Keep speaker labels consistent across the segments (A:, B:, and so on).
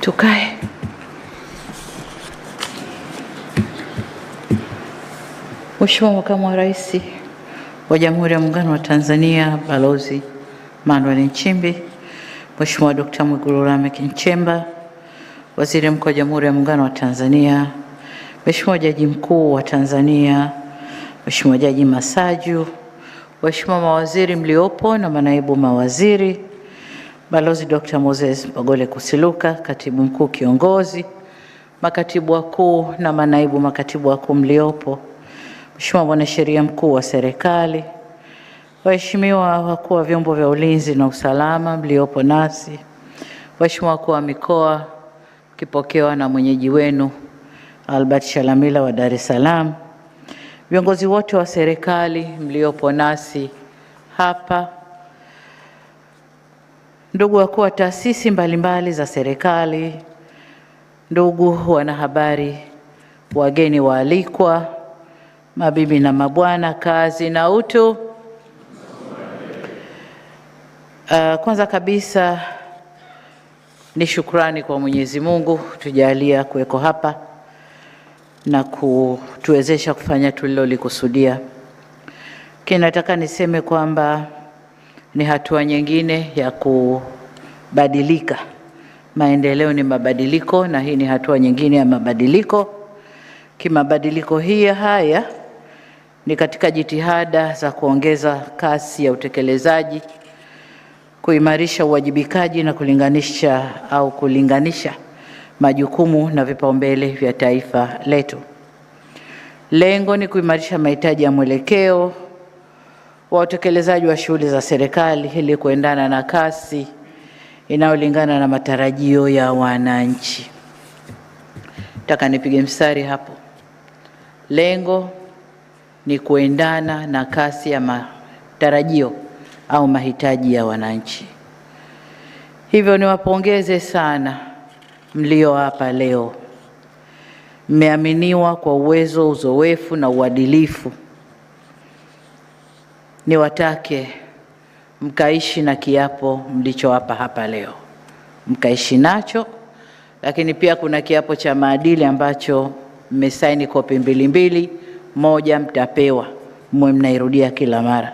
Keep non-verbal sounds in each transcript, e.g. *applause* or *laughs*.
A: tukae. Mheshimiwa Makamu wa Rais wa Jamhuri ya Muungano wa Tanzania Balozi Manuel Nchimbi, Mheshimiwa Dkt. Mwigulu Lameck Nchemba, Waziri Mkuu wa Jamhuri ya Muungano wa Tanzania, Mheshimiwa Jaji Mkuu wa Tanzania, Mheshimiwa Jaji Masaju, Waheshimiwa mawaziri mliopo na manaibu mawaziri Balozi Dr. Moses Bagole Kusiluka, katibu mkuu kiongozi, makatibu wakuu na manaibu makatibu wakuu mliopo, Mheshimiwa mwanasheria mkuu wa serikali, waheshimiwa wakuu wa vyombo vya ulinzi na usalama mliopo nasi, waheshimiwa wakuu wa mikoa, kipokewa na mwenyeji wenu Albert Shalamila wa Dar es Salaam, viongozi wote wa serikali mliopo nasi hapa Ndugu wakuu wa taasisi mbalimbali za serikali, ndugu wanahabari, wageni waalikwa, mabibi na mabwana, kazi na utu. Uh, kwanza kabisa ni shukrani kwa Mwenyezi Mungu tujalia kuweko hapa na kutuwezesha kufanya tulilolikusudia. Kinataka niseme kwamba ni hatua nyingine ya kubadilika. Maendeleo ni mabadiliko, na hii ni hatua nyingine ya mabadiliko. Kimabadiliko hii haya ni katika jitihada za kuongeza kasi ya utekelezaji, kuimarisha uwajibikaji na kulinganisha au kulinganisha majukumu na vipaumbele vya taifa letu. Lengo ni kuimarisha mahitaji ya mwelekeo wa utekelezaji wa shughuli za serikali ili kuendana na kasi inayolingana na matarajio ya wananchi. Nataka nipige mstari hapo. Lengo ni kuendana na kasi ya matarajio au mahitaji ya wananchi. Hivyo niwapongeze sana mlio hapa leo. Mmeaminiwa kwa uwezo, uzoefu na uadilifu niwatake mkaishi na kiapo mlichowapa hapa leo, mkaishi nacho. Lakini pia kuna kiapo cha maadili ambacho mmesaini kopi mbili mbili, moja mtapewa, mwe mnairudia kila mara.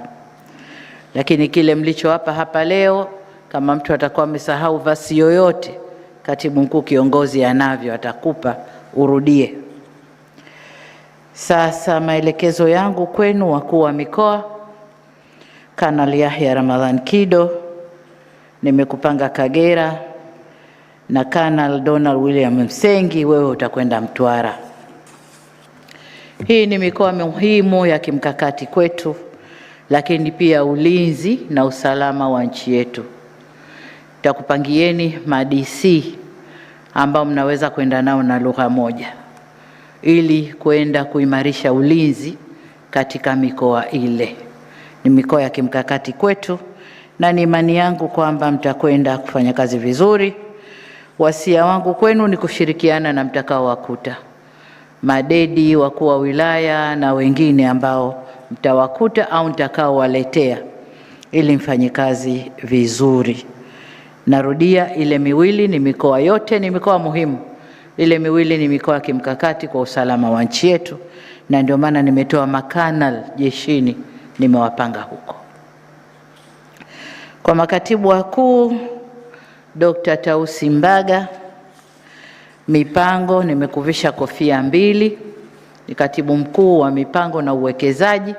A: Lakini kile mlichowapa hapa leo, kama mtu atakuwa amesahau vasi yoyote, katibu mkuu kiongozi anavyo, atakupa urudie. Sasa maelekezo yangu kwenu, wakuu wa mikoa Kanal Yahya Ramadhan Kido, nimekupanga Kagera, na Kanal Donald William Msengi, wewe utakwenda Mtwara. Hii ni mikoa muhimu ya kimkakati kwetu, lakini pia ulinzi na usalama wa nchi yetu. Takupangieni madc ambao mnaweza kwenda nao na lugha moja ili kwenda kuimarisha ulinzi katika mikoa ile ni mikoa ya kimkakati kwetu, na ni imani yangu kwamba mtakwenda kufanya kazi vizuri. Wasia wangu kwenu ni kushirikiana na mtakao madedi, wakuu wa wilaya na wengine ambao mtawakuta au mtakaowaletea, ili mfanye kazi vizuri. Narudia, ile miwili ni mikoa yote, ni mikoa muhimu. Ile miwili ni mikoa ya kimkakati kwa usalama wa nchi yetu, na ndio maana nimetoa makanal jeshini nimewapanga huko. Kwa makatibu wakuu, Dr. Tausi Mbaga, mipango, nimekuvisha kofia mbili, ni katibu mkuu wa mipango na uwekezaji,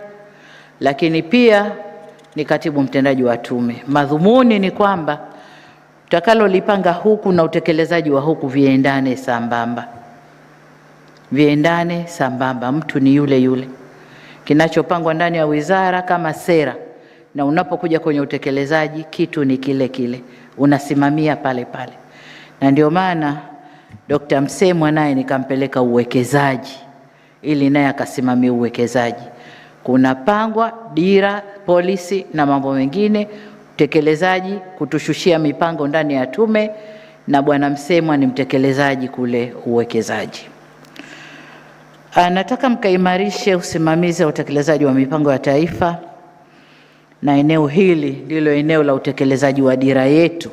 A: lakini pia ni katibu mtendaji wa tume. Madhumuni ni kwamba utakalolipanga huku na utekelezaji wa huku viendane sambamba, viendane sambamba, mtu ni yule yule kinachopangwa ndani ya wizara kama sera, na unapokuja kwenye utekelezaji kitu ni kile kile, unasimamia pale pale. Na ndio maana Dr. Msemwa naye nikampeleka uwekezaji ili naye akasimamia uwekezaji. kuna pangwa dira, polisi na mambo mengine, utekelezaji, kutushushia mipango ndani ya tume, na bwana Msemwa ni mtekelezaji kule uwekezaji. Ah, nataka mkaimarishe usimamizi wa utekelezaji wa mipango ya taifa, na eneo hili ndilo eneo la utekelezaji wa dira yetu,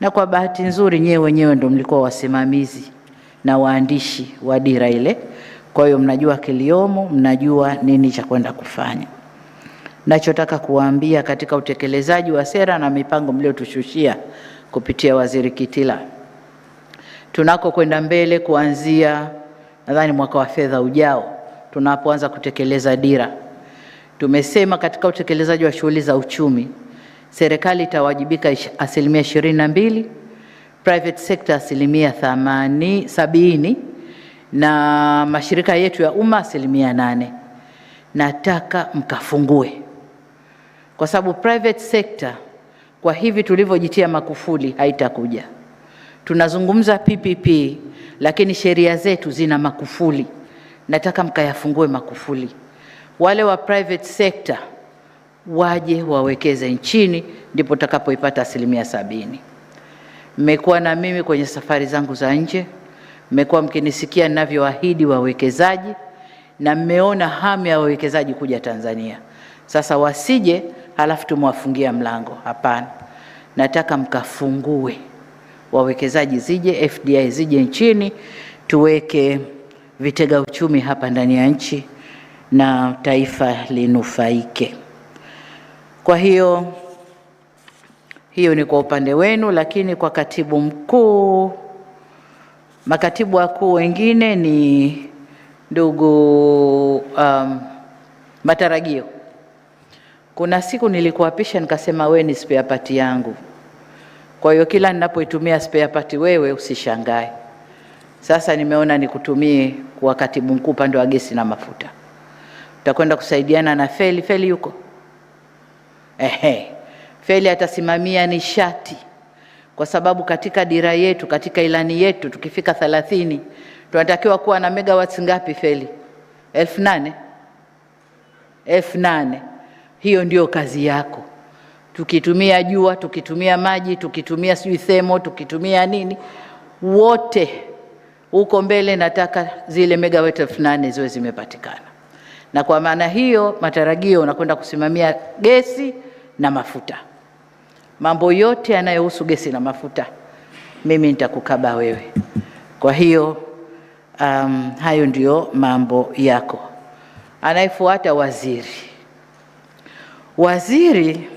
A: na kwa bahati nzuri nyewe wenyewe ndio mlikuwa wasimamizi na waandishi wa dira ile. Kwa hiyo mnajua kiliomo, mnajua nini cha kwenda kufanya. Nachotaka kuwaambia katika utekelezaji wa sera na mipango mliotushushia kupitia Waziri Kitila, tunako kwenda mbele kuanzia nadhani mwaka wa fedha ujao tunapoanza kutekeleza dira, tumesema katika utekelezaji wa shughuli za uchumi serikali itawajibika asilimia ishirini na mbili, private sector asilimia thamani, sabini na mashirika yetu ya umma asilimia nane. Nataka mkafungue kwa sababu private sector kwa hivi tulivyojitia makufuli haitakuja. Tunazungumza PPP lakini sheria zetu zina makufuli. Nataka mkayafungue makufuli. Wale wa private sector waje wawekeze nchini, ndipo takapoipata asilimia sabini. Mmekuwa na mimi kwenye safari zangu za nje, mmekuwa mkinisikia ninavyoahidi wawekezaji na mmeona hamu ya wawekezaji kuja Tanzania. Sasa wasije halafu tumewafungia mlango. Hapana, nataka mkafungue wawekezaji zije, FDI zije nchini, tuweke vitega uchumi hapa ndani ya nchi na taifa linufaike. Kwa hiyo hiyo ni kwa upande wenu, lakini kwa katibu mkuu, makatibu wakuu wengine ni ndugu um, Matarajio. Kuna siku nilikuapisha nikasema, we ni spare part yangu. Kwa hiyo kila ninapoitumia spare part wewe usishangae. Sasa nimeona nikutumie kuwa katibu mkuu upande wa gesi na mafuta, utakwenda kusaidiana na Feli. Feli yuko ehe, Feli atasimamia nishati, kwa sababu katika dira yetu, katika ilani yetu, tukifika thelathini tunatakiwa kuwa na megawatts ngapi? Feli elfu nane elfu nane. Hiyo ndio kazi yako tukitumia jua, tukitumia maji, tukitumia sijui themo, tukitumia nini, wote huko mbele nataka zile megawati elfu nane ziwe zimepatikana, na kwa maana hiyo matarajio unakwenda kusimamia gesi na mafuta. Mambo yote yanayohusu gesi na mafuta mimi nitakukaba wewe. Kwa hiyo um, hayo ndiyo mambo yako. Anayefuata waziri, waziri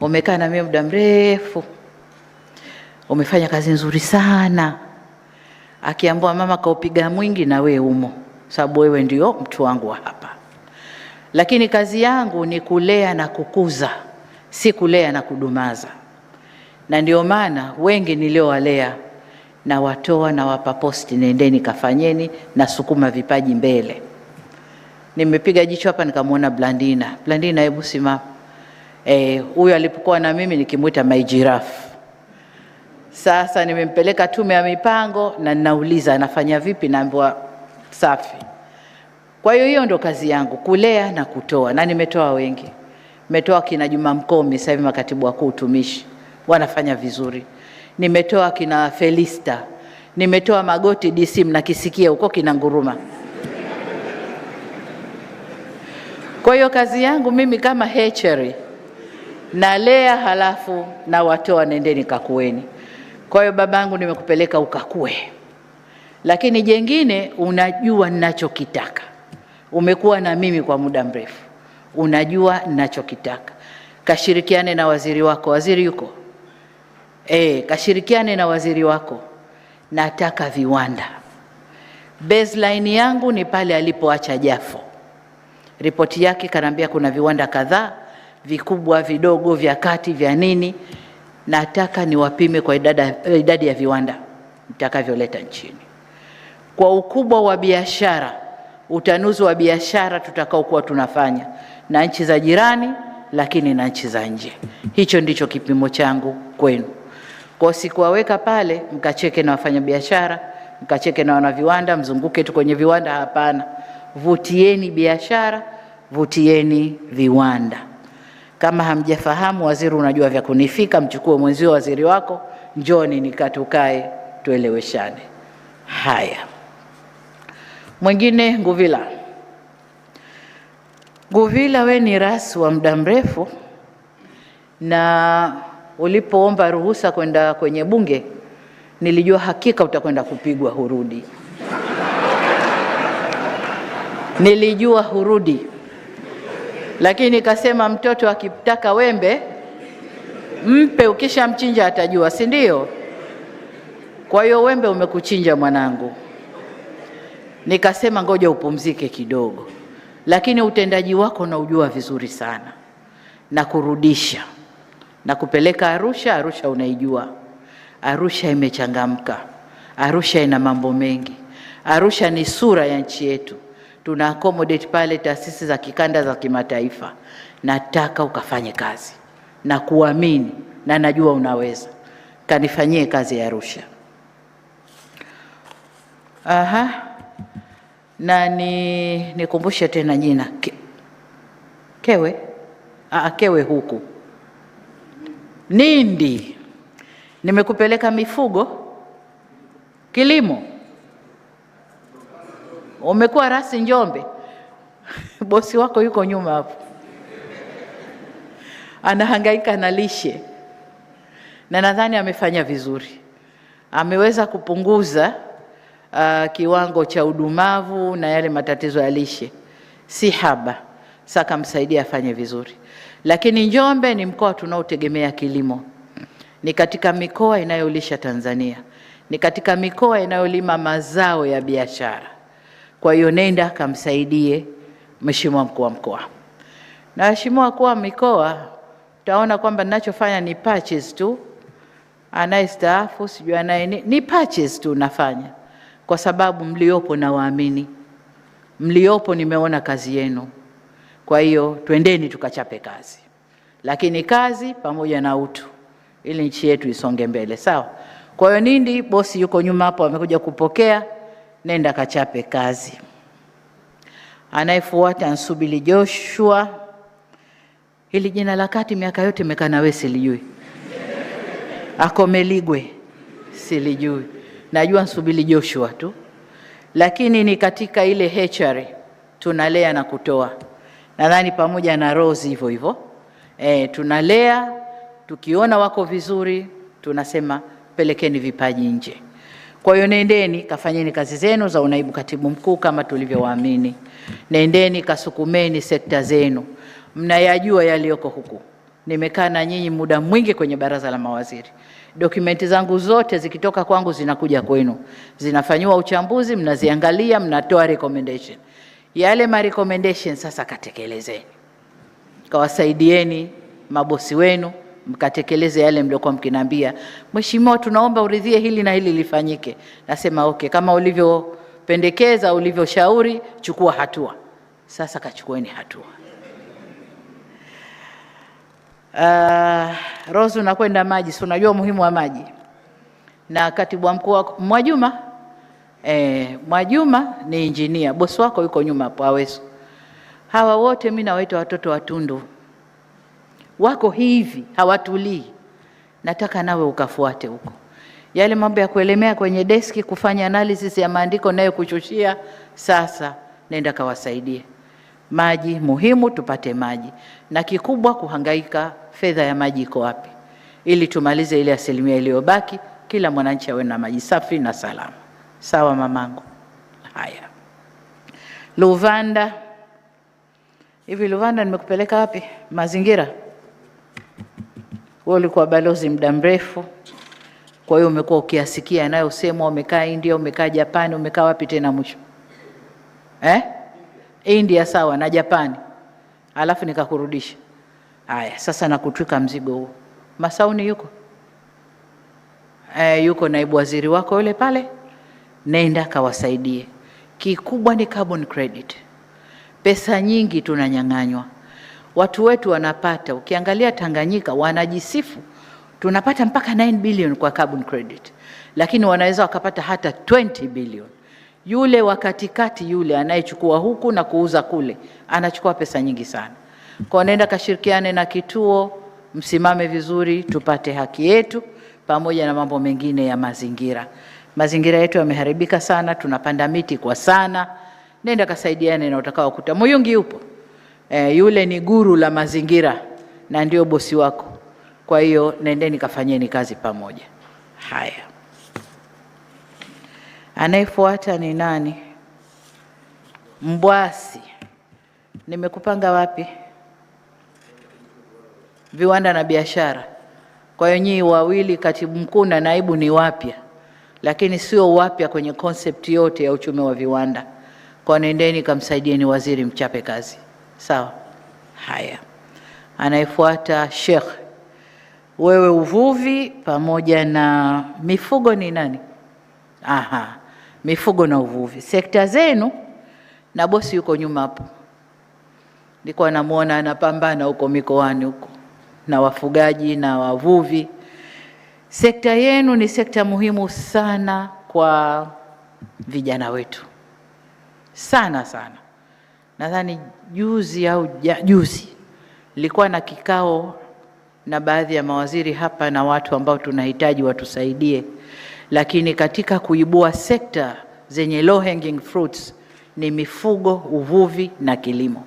A: umekaa na mimi muda mrefu, umefanya kazi nzuri sana. akiambua mama kaupiga mwingi, na we umo, sababu wewe ndio mtu wangu wa hapa. Lakini kazi yangu ni kulea na kukuza, si kulea na kudumaza, na ndio maana wengi niliowalea na watoa na wapa posti, nendeni kafanyeni na sukuma vipaji mbele. Nimepiga jicho hapa nikamwona Blandina. Blandina, hebu simama. Eh, huyu alipokuwa na mimi nikimwita maijirafu. Sasa nimempeleka tume ya mipango na ninauliza anafanya vipi, naambiwa safi. Kwa hiyo hiyo ndo kazi yangu, kulea na kutoa, na nimetoa wengi, nimetoa kina Juma Mkomi, sasa hivi makatibu wakuu utumishi, wanafanya vizuri. Nimetoa kina Felista, nimetoa Magoti DC, mnakisikia huko kina nguruma Kwa hiyo kazi yangu mimi kama hechery nalea, halafu nawatoa, nendeni kakueni. Kwa hiyo babangu, nimekupeleka ukakue, lakini jengine, unajua ninachokitaka. Umekuwa na mimi kwa muda mrefu, unajua ninachokitaka. Kashirikiane na waziri wako, waziri yuko e, kashirikiane na waziri wako. Nataka viwanda. Baseline yangu ni pale alipoacha Jafo, ripoti yake kanaambia kuna viwanda kadhaa vikubwa vidogo, vya kati, vya nini. Nataka niwapime kwa idada, eh, idadi ya viwanda nitakavyoleta nchini, kwa ukubwa wa biashara, utanuzi wa biashara tutakaokuwa tunafanya na nchi za jirani, lakini na nchi za nje. Hicho ndicho kipimo changu kwenu. Kwa sikuwaweka pale mkacheke na wafanyabiashara, mkacheke na wanaviwanda, mzunguke tu kwenye viwanda. Hapana, vutieni biashara, vutieni viwanda. Kama hamjafahamu waziri, unajua vya kunifika, mchukue mwenzio waziri wako, njoni nikatukae tueleweshane. Haya, mwingine Nguvila. Nguvila, we ni ras wa muda mrefu, na ulipoomba ruhusa kwenda kwenye bunge nilijua hakika utakwenda kupigwa hurudi nilijua hurudi lakini nikasema mtoto akitaka wembe mpe, ukishamchinja atajua, si ndio? Kwa hiyo wembe umekuchinja mwanangu. Nikasema ngoja upumzike kidogo, lakini utendaji wako naujua vizuri sana, na kurudisha na kupeleka Arusha. Arusha unaijua, Arusha imechangamka, Arusha ina mambo mengi, Arusha ni sura ya nchi yetu tuna accommodate pale taasisi za kikanda za kimataifa. Nataka ukafanye kazi na kuamini na najua unaweza, kanifanyie kazi ya Arusha. Aha, na ni nikumbushe tena jina Ke, kewe Aa, kewe huku Nindi nimekupeleka mifugo, kilimo umekuwa rasi Njombe, *laughs* bosi wako yuko nyuma hapo, anahangaika na lishe, na nadhani amefanya vizuri, ameweza kupunguza uh, kiwango cha udumavu na yale matatizo ya lishe, si haba. Saka msaidie afanye vizuri, lakini Njombe ni mkoa tunaotegemea kilimo, ni katika mikoa inayolisha Tanzania, ni katika mikoa inayolima mazao ya biashara. Kwa hiyo nenda kamsaidie mheshimiwa mkuu wa mkoa. Na mheshimiwa mkuu wa mikoa, utaona kwamba ninachofanya ni patches tu, anayestaafu sijui anaye ni patches tu nafanya, kwa sababu mliopo na waamini mliopo, nimeona kazi yenu. Kwa hiyo twendeni tukachape kazi, lakini kazi pamoja na utu, ili nchi yetu isonge mbele. Sawa. Kwa hiyo Nindi bosi yuko nyuma hapo, amekuja kupokea nenda kachape kazi. Anayefuata Nsubili Joshua. Hili jina la kati miaka yote imekaa nawe silijui. Akomeligwe silijui, najua Nsubili Joshua tu, lakini ni katika ile hechari tunalea na kutoa, nadhani pamoja na Rose hivyo hivyo. E, tunalea tukiona wako vizuri tunasema pelekeni vipaji nje. Kwa hiyo nendeni kafanyeni kazi zenu za unaibu katibu mkuu kama tulivyowaamini. Nendeni kasukumeni sekta zenu, mnayajua yaliyoko huku. Nimekaa na nyinyi muda mwingi kwenye baraza la mawaziri, dokumenti zangu zote zikitoka kwangu zinakuja kwenu, zinafanyiwa uchambuzi, mnaziangalia, mnatoa recommendation. Yale ma recommendation sasa katekelezeni, kawasaidieni mabosi wenu mkatekeleze yale mliokuwa mkinambia, mheshimiwa, tunaomba uridhie hili na hili lifanyike. Nasema okay, kama ulivyopendekeza, ulivyoshauri, chukua hatua. Sasa kachukueni hatua. Uh, ah, Rose unakwenda maji, si unajua umuhimu wa maji na katibu wa mkuu Mwajuma eh, Mwajuma ni injinia, bosi wako yuko nyuma hapo Aweso. Hawa wote mimi nawaita watoto wa Tundu wako hivi, hawatulii. Nataka nawe ukafuate huko. Yale mambo ya kuelemea kwenye deski kufanya analysis ya maandiko nayo kuchoshia, sasa nenda kawasaidie. Maji muhimu, tupate maji, na kikubwa kuhangaika, fedha ya maji iko wapi, ili tumalize ile asilimia iliyobaki, kila mwananchi awe na maji safi na salama. Sawa mamangu. Haya, Luvanda hivi, Luvanda nimekupeleka wapi? Mazingira. Wewe ulikuwa balozi muda mrefu, kwa hiyo umekuwa ukiasikia yanayosemwa. Umekaa India, umekaa Japani, umekaa wapi tena mwisho eh? India sawa na Japani, alafu nikakurudisha. Haya, sasa nakutwika mzigo huo. Masauni yuko eh, yuko naibu waziri wako yule pale, nenda kawasaidie. Kikubwa ni carbon credit, pesa nyingi tunanyang'anywa watu wetu wanapata, ukiangalia Tanganyika wanajisifu tunapata mpaka 9 billion kwa carbon credit, lakini wanaweza wakapata hata 20 billion. Yule wa katikati yule anayechukua huku na kuuza kule anachukua pesa nyingi sana. Kwa nenda kashirikiane na kituo, msimame vizuri, tupate haki yetu, pamoja na mambo mengine ya mazingira. Mazingira yetu yameharibika sana, tunapanda miti kwa sana. Nenda kasaidiane na utakao kuta. Muyungi yupo eh, yule ni guru la mazingira na ndio bosi wako. Kwa hiyo nendeni kafanyeni kazi pamoja. Haya, anayefuata ni nani? Mbwasi, nimekupanga wapi? Viwanda na biashara. Kwa hiyo nyinyi wawili, katibu mkuu na naibu, ni wapya, lakini sio wapya kwenye konsepti yote ya uchumi wa viwanda. Kwa nendeni kamsaidieni waziri, mchape kazi. Sawa. Haya, anayefuata Sheikh, wewe uvuvi pamoja na mifugo ni nani? Aha, mifugo na uvuvi, sekta zenu, na bosi yuko nyuma hapo, nilikuwa namwona anapambana huko mikoani huko na wafugaji na wavuvi. Sekta yenu ni sekta muhimu sana kwa vijana wetu, sana sana nadhani juzi au juzi nilikuwa na kikao na baadhi ya mawaziri hapa na watu ambao tunahitaji watusaidie, lakini katika kuibua sekta zenye low hanging fruits ni mifugo, uvuvi na kilimo.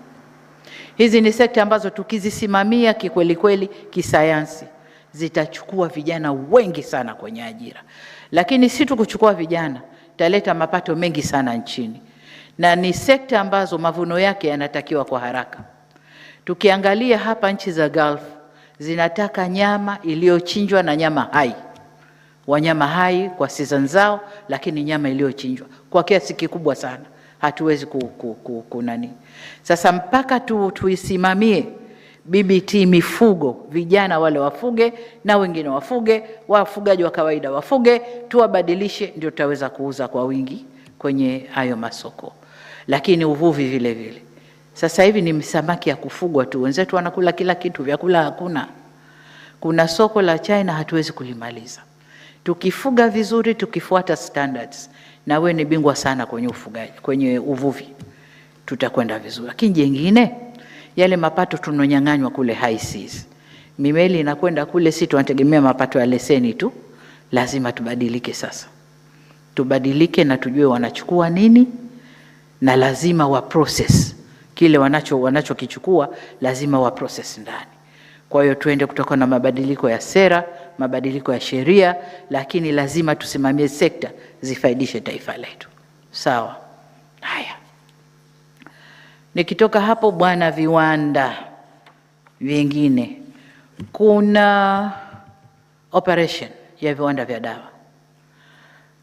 A: Hizi ni sekta ambazo tukizisimamia kikweli kweli kisayansi zitachukua vijana wengi sana kwenye ajira, lakini si tu kuchukua vijana, taleta mapato mengi sana nchini na ni sekta ambazo mavuno yake yanatakiwa kwa haraka. Tukiangalia hapa nchi za Gulf zinataka nyama iliyochinjwa na nyama hai, wanyama hai kwa season zao, lakini nyama iliyochinjwa kwa kiasi kikubwa sana hatuwezi ku, ku, ku, kunani. Sasa mpaka tu, tuisimamie BBT mifugo, vijana wale wafuge na wengine wafuge, wafugaji wa kawaida wafuge, tuwabadilishe, ndio tutaweza kuuza kwa wingi kwenye hayo masoko lakini uvuvi vile vile. Sasa hivi ni samaki ya kufugwa tu, wenzetu wanakula kila kitu, vyakula hakuna. Kuna soko la China hatuwezi kulimaliza. Tukifuga vizuri, tukifuata standards, na we ni bingwa sana kwenye ufugaji, kwenye uvuvi, tutakwenda vizuri. Lakini jengine, yale mapato tunonyang'anywa kule high seas, mimeli inakwenda kule, si tunategemea mapato ya leseni tu. Lazima tubadilike sasa, tubadilike na tujue wanachukua nini na lazima wa process kile wanacho wanachokichukua lazima wa process ndani. Kwa hiyo tuende kutokana na mabadiliko ya sera, mabadiliko ya sheria, lakini lazima tusimamie sekta zifaidishe taifa letu. Sawa. Haya, nikitoka hapo bwana, viwanda vingine, kuna operation ya viwanda vya dawa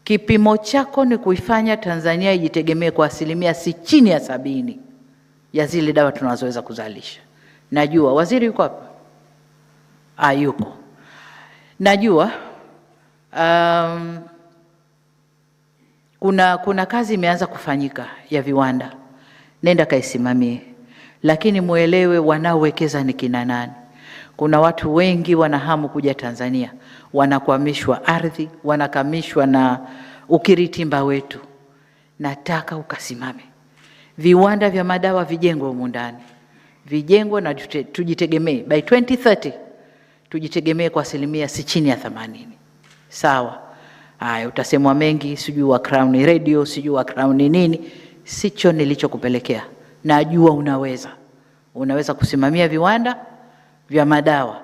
A: Kipimo chako ni kuifanya Tanzania ijitegemee kwa asilimia si chini ya sabini ya zile dawa tunazoweza kuzalisha. Najua waziri yuko hapa? ayuko ah, Najua um, kuna, kuna kazi imeanza kufanyika ya viwanda, nenda kaisimamie, lakini muelewe wanaowekeza ni kina nani. Kuna watu wengi wanahamu kuja Tanzania, wanakwamishwa ardhi, wanakamishwa na ukiritimba wetu. Nataka ukasimame, viwanda vya madawa vijengwe humu ndani, vijengwe na tujitegemee. By 2030 tujitegemee kwa asilimia si chini ya 80. Sawa. Haya, utasemwa mengi, sijui wa Crown Radio, sijui wa Crown nini. Sicho nilichokupelekea, najua unaweza, unaweza kusimamia viwanda vya madawa,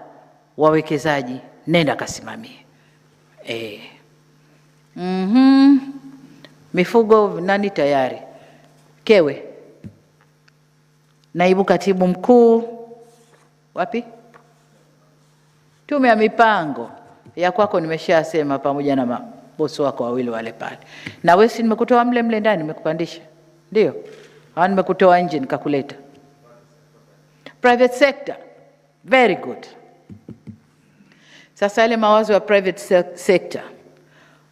A: wawekezaji, nenda kasimamie e. mm -hmm. Mifugo nani tayari, Kewe naibu katibu mkuu wapi, tume ya mipango ya kwako nimeshasema, pamoja na mabosi wako wawili wale pale. Na wewe si nimekutoa mle mle ndani, nimekupandisha ndio? Au nimekutoa nje nikakuleta private sector? Very good. Sasa yale mawazo ya private sector,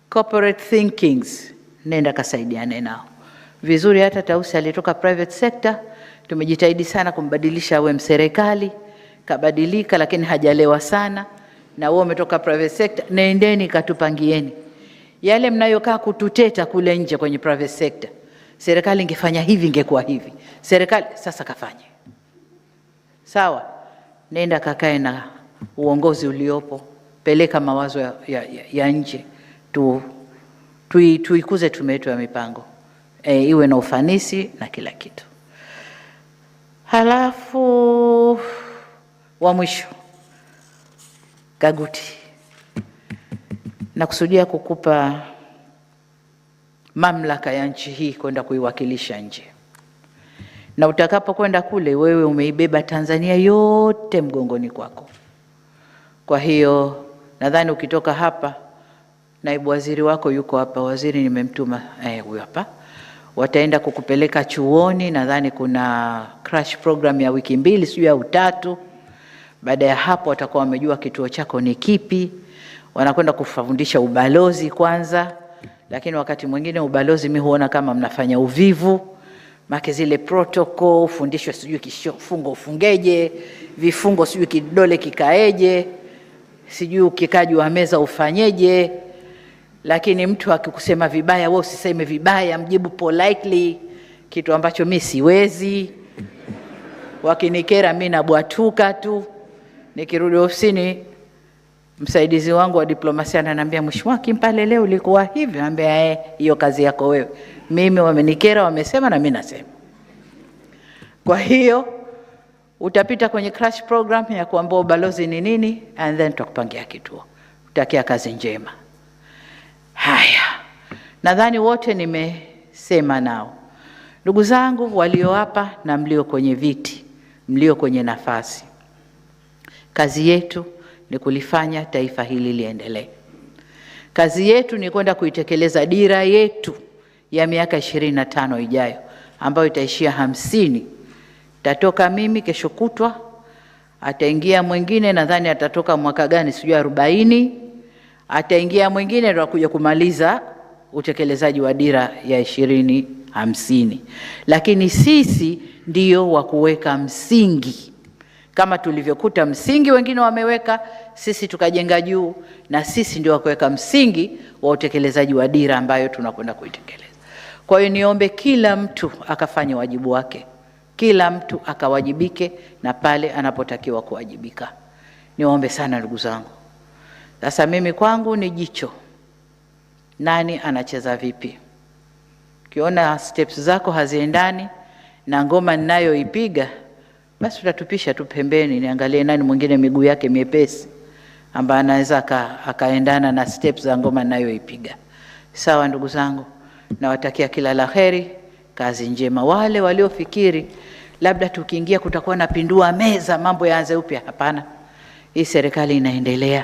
A: corporate thinkings, nenda kasaidiane nao vizuri. Hata Tausi alitoka private sector, tumejitahidi sana kumbadilisha awe mserikali, kabadilika, lakini hajalewa sana. Na wewe umetoka private sector, nendeni katupangieni yale mnayokaa kututeta kule nje kwenye private sector, serikali ingefanya hivi, ingekuwa hivi serikali. Sasa kafanye sawa nenda kakae na uongozi uliopo, peleka mawazo ya, ya, ya nje tu, tuikuze tume yetu ya mipango e, iwe na ufanisi na kila kitu. Halafu wa mwisho Kaguti, nakusudia kukupa mamlaka ya nchi hii kwenda kuiwakilisha nje na utakapokwenda kule, wewe umeibeba Tanzania yote mgongoni kwako. Kwa hiyo nadhani ukitoka hapa, naibu waziri wako yuko hapa, waziri nimemtuma eh, huyu eh, hapa wataenda kukupeleka chuoni. Nadhani kuna crash program ya wiki mbili sijui au tatu. Baada ya hapo, watakuwa wamejua kituo chako ni kipi. Wanakwenda kufundisha ubalozi kwanza, lakini wakati mwingine ubalozi mi huona kama mnafanya uvivu make zile protocol ufundishwe, sijui kifungo ufungeje, vifungo sijui kidole kikaeje, sijui ukikaji wa meza ufanyeje. Lakini mtu akikusema vibaya, wewe usiseme vibaya, mjibu politely, kitu ambacho mi siwezi. Wakinikera mi nabwatuka tu, nikirudi ofisini Msaidizi wangu wa diplomasia ananiambia, Mheshimiwa Kimpale, leo ulikuwa hivyo. Naambia eh, hiyo kazi yako wewe. Mimi wamenikera, wamesema na mimi nasema. Kwa hiyo utapita kwenye crash program ya kuambia ubalozi ni nini, and then tutakupangia kituo. Utakia kazi njema. Haya, nadhani wote nimesema nao. Ndugu zangu walio hapa na mlio kwenye viti, mlio kwenye nafasi, kazi yetu ni kulifanya taifa hili liendelee. Kazi yetu ni kwenda kuitekeleza dira yetu ya miaka ishirini na tano ijayo ambayo itaishia hamsini. Tatoka mimi kesho kutwa, ataingia mwingine, nadhani atatoka mwaka gani sijui, arobaini, ataingia mwingine ndo akuja kumaliza utekelezaji wa dira ya ishirini hamsini, lakini sisi ndiyo wa kuweka msingi kama tulivyokuta msingi wengine wameweka, sisi tukajenga juu, na sisi ndio wakuweka msingi wa utekelezaji wa dira ambayo tunakwenda kuitekeleza. Kwa hiyo niombe kila mtu akafanye wajibu wake, kila mtu akawajibike na pale anapotakiwa kuwajibika. Niombe sana ndugu zangu. Sasa mimi kwangu ni jicho, nani anacheza vipi? Ukiona steps zako haziendani na ngoma ninayoipiga basi tutatupisha tu pembeni, niangalie nani mwingine miguu yake miepesi ambaye anaweza akaendana na steps za ngoma ninayoipiga. Sawa, ndugu zangu, nawatakia kila la heri, kazi njema. Wale waliofikiri labda tukiingia kutakuwa na pindua meza, mambo yaanze upya, hapana. Hii serikali inaendelea,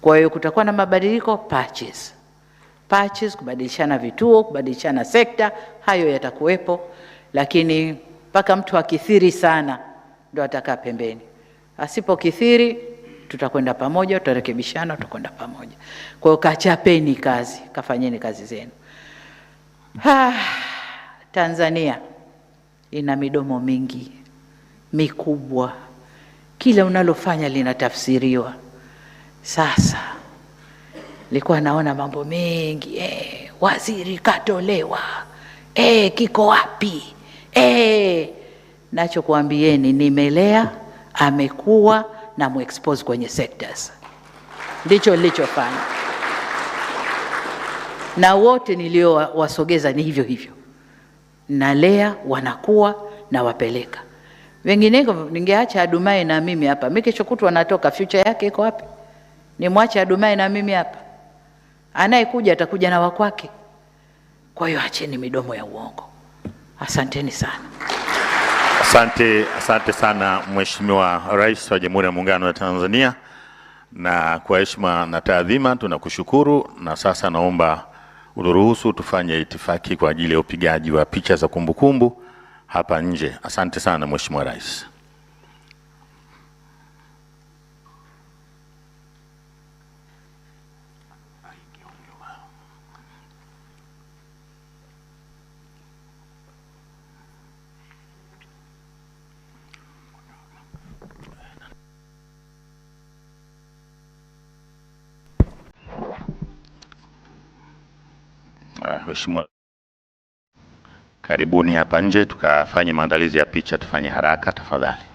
A: kwa hiyo kutakuwa na mabadiliko patches. Patches, kubadilishana vituo, kubadilishana sekta, hayo yatakuwepo, lakini mpaka mtu akithiri sana ndo atakaa pembeni. Asipokithiri tutakwenda pamoja, tutarekebishana, tutakwenda pamoja. Kwa hiyo kachapeni kazi, kafanyeni kazi zenu. Ha, Tanzania ina midomo mingi mikubwa, kila unalofanya linatafsiriwa. Sasa nilikuwa naona mambo mengi eh, waziri katolewa eh, kiko wapi Eh, nachokuambieni nimelea, amekuwa na muexpose kwenye sectors, ndicho nilichofanya na wote niliowasogeza ni hivyo hivyo, nalea wanakuwa na wapeleka wengineko. Ningeacha Adumai na mimi hapa, mimi kesho kutwa natoka, future yake iko wapi? Nimwache Adumai na mimi hapa? Anayekuja atakuja na wakwake. Kwa hiyo acheni midomo ya uongo. Asanteni sana.
B: Asante, asante sana Mheshimiwa Rais wa Jamhuri ya Muungano wa Tanzania, na kwa heshima na taadhima tunakushukuru, na sasa naomba uturuhusu tufanye itifaki kwa ajili ya upigaji wa picha za kumbukumbu hapa nje. Asante sana Mheshimiwa Rais. Ah, mheshimiwa, karibuni hapa nje tukafanye maandalizi ya picha, tufanye haraka tafadhali.